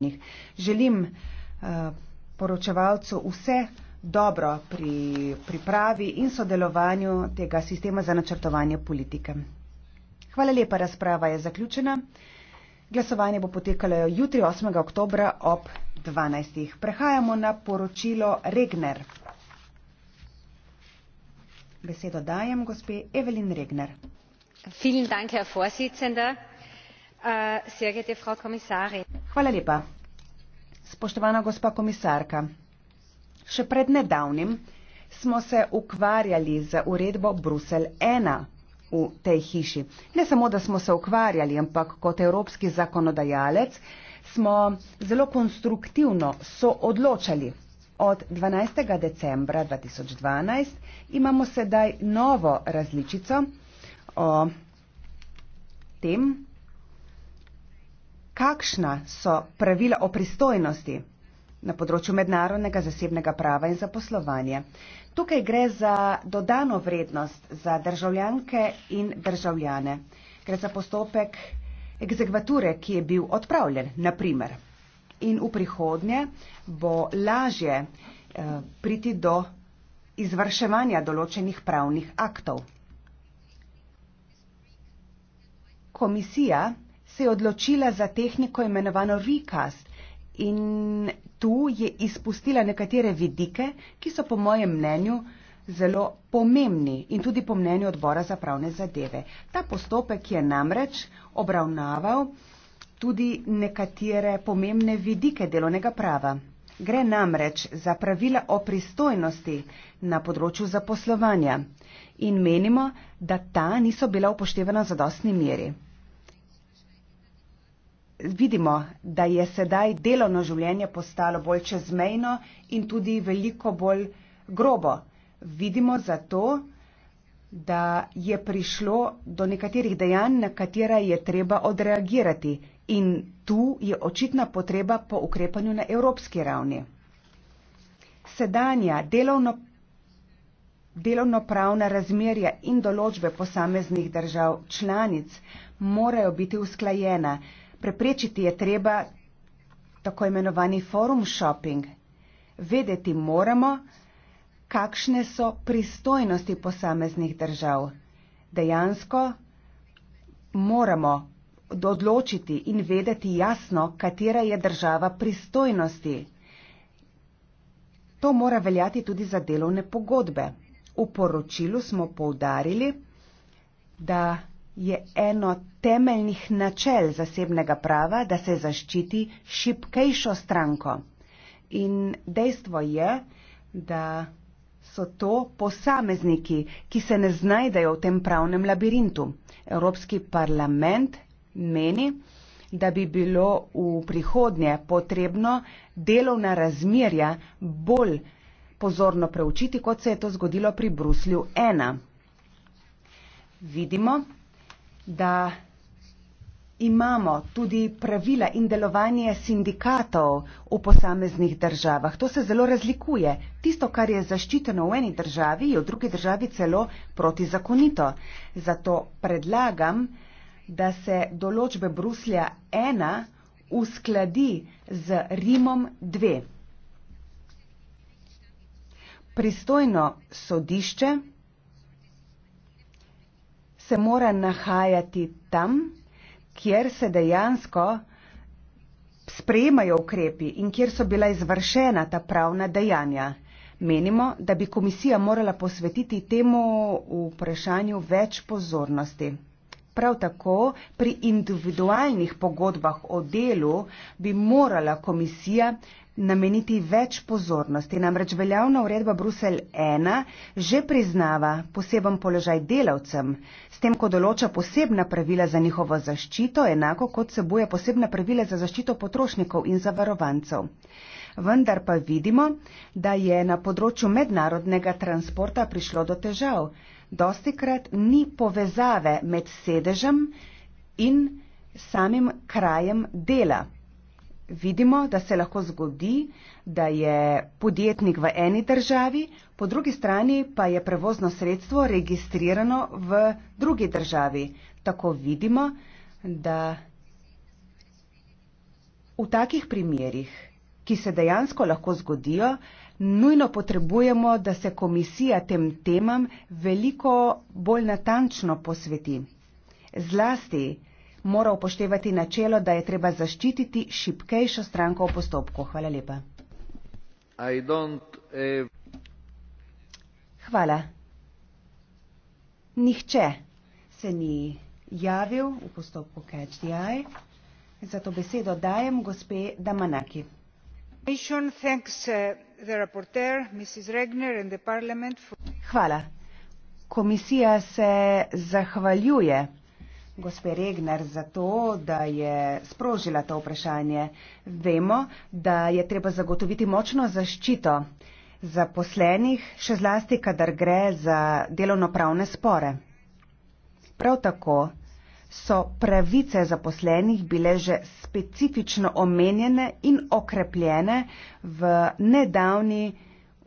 Uh, želim uh, poročevalcu vse dobro pri pripravi in sodelovanju tega sistema za načrtovanje politike. Hvala lepa, razprava je zaključena. Glasovanje bo potekalo jutri 8. oktober ob 12. Prehajamo na poročilo Regner. Besedo dajem gospe Evelin Regner. Vielen Dank, Herr Vorsitzender, uh, sehr geehrte Frau Kommissarin. Hvala lepa. Spoštovana gospa komisarka, še pred nedavnim smo se ukvarjali z uredbo Brusel 1 v tej hiši. Ne samo, da smo se ukvarjali, ampak kot evropski zakonodajalec smo zelo konstruktivno soodločali. Od 12. decembra 2012 imamo sedaj novo različico o tem, kakšna so pravila o pristojnosti na področju mednarodnega zasebnega prava in zaposlovanja. Tukaj gre za dodano vrednost za državljanke in državljane. Gre za postopek egzekvature, ki je bil odpravljen, naprimer. In v prihodnje bo lažje eh, priti do izvrševanja določenih pravnih aktov. Komisija se je odločila za tehniko imenovano recast in tu je izpustila nekatere vidike, ki so po mojem mnenju zelo pomembni in tudi po mnenju odbora za pravne zadeve. Ta postopek je namreč obravnaval tudi nekatere pomembne vidike delovnega prava. Gre namreč za pravila o pristojnosti na področju zaposlovanja in menimo, da ta niso bila upoštevana v zadostni meri vidimo, da je sedaj delovno življenje postalo bolj čezmejno in tudi veliko bolj grobo. Vidimo zato, da je prišlo do nekaterih dejanj, na katera je treba odreagirati in tu je očitna potreba po ukrepanju na evropski ravni. Sedanja delovno, delovno pravna razmerja in določbe posameznih držav članic morajo biti usklajena. Preprečiti je treba tako imenovani forum shopping. Vedeti moramo, kakšne so pristojnosti posameznih držav. Dejansko moramo odločiti in vedeti jasno, katera je država pristojnosti. To mora veljati tudi za delovne pogodbe. V poročilu smo poudarili, da je eno temeljnih načel zasebnega prava, da se zaščiti šipkejšo stranko. In dejstvo je, da so to posamezniki, ki se ne znajdejo v tem pravnem labirintu. Evropski parlament meni, da bi bilo v prihodnje potrebno delovna razmerja bolj pozorno preučiti, kot se je to zgodilo pri Bruslju 1. Vidimo, da imamo tudi pravila in delovanje sindikatov v posameznih državah. To se zelo razlikuje. Tisto, kar je zaščiteno v eni državi, je v drugi državi celo protizakonito. Zato predlagam, da se določbe Bruslja 1 uskladi z Rimom 2. Pristojno sodišče se mora nahajati tam, kjer se dejansko sprejemajo ukrepi in kjer so bila izvršena ta pravna dejanja. Menimo, da bi komisija morala posvetiti temu vprašanju več pozornosti. Prav tako pri individualnih pogodbah o delu bi morala komisija nameniti več pozornosti. Namreč veljavna uredba Brusel 1 že priznava poseben položaj delavcem, s tem, ko določa posebna pravila za njihovo zaščito, enako kot sebuje posebna pravila za zaščito potrošnikov in zavarovancev. Vendar pa vidimo, da je na področju mednarodnega transporta prišlo do težav. Dostikrat ni povezave med sedežem in samim krajem dela vidimo, da se lahko zgodi, da je podjetnik v eni državi, po drugi strani pa je prevozno sredstvo registrirano v drugi državi. Tako vidimo, da v takih primerih, ki se dejansko lahko zgodijo, nujno potrebujemo, da se komisija tem temam veliko bolj natančno posveti. Zlasti, mora upoštevati načelo, da je treba zaščititi šipkejšo stranko v postopku. Hvala lepa. Hvala. Nihče se ni javil v postopku Catch the Eye. Zato besedo dajem gospe Damanaki. Uh, Hvala. Komisija se zahvaljuje gospe Regner za to, da je sprožila to vprašanje. Vemo, da je treba zagotoviti močno zaščito zaposlenih, še zlasti, kadar gre za delovnopravne spore. Prav tako so pravice zaposlenih bile že specifično omenjene in okrepljene v nedavni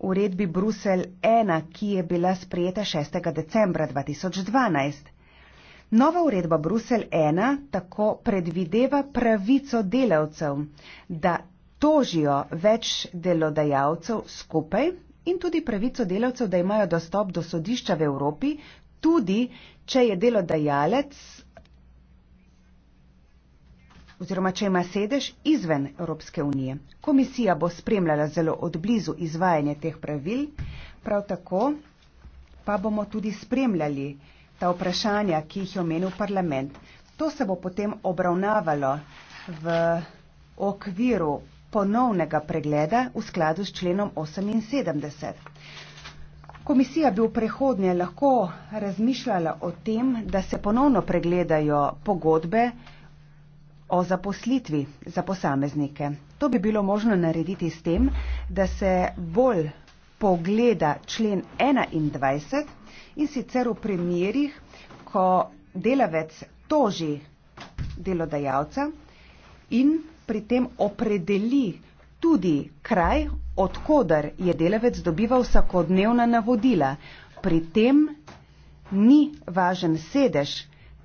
uredbi Brusel 1, ki je bila sprejeta 6. decembra 2012. Nova uredba Brusel 1 tako predvideva pravico delavcev, da tožijo več delodajalcev skupaj in tudi pravico delavcev, da imajo dostop do sodišča v Evropi, tudi če je delodajalec oziroma če ima sedež izven Evropske unije. Komisija bo spremljala zelo odblizu izvajanje teh pravil, prav tako pa bomo tudi spremljali, ta vprašanja, ki jih je omenil parlament. To se bo potem obravnavalo v okviru ponovnega pregleda v skladu s členom 78. Komisija bi v prehodnje lahko razmišljala o tem, da se ponovno pregledajo pogodbe o zaposlitvi za posameznike. To bi bilo možno narediti s tem, da se bolj pogleda člen 21 in sicer v primerjih, ko delavec toži delodajalca in pri tem opredeli tudi kraj, odkudar je delavec dobival vsakodnevna navodila. Pri tem ni važen sedež,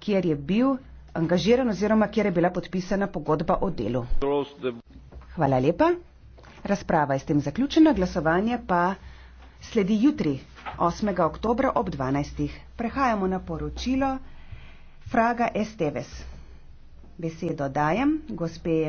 kjer je bil angažiran oziroma kjer je bila podpisana pogodba o delu. Hvala lepa. Razprava je s tem zaključena, glasovanje pa sledi jutri, 8. oktober ob 12. Prehajamo na poročilo Fraga Esteves. Besedo dajem gospe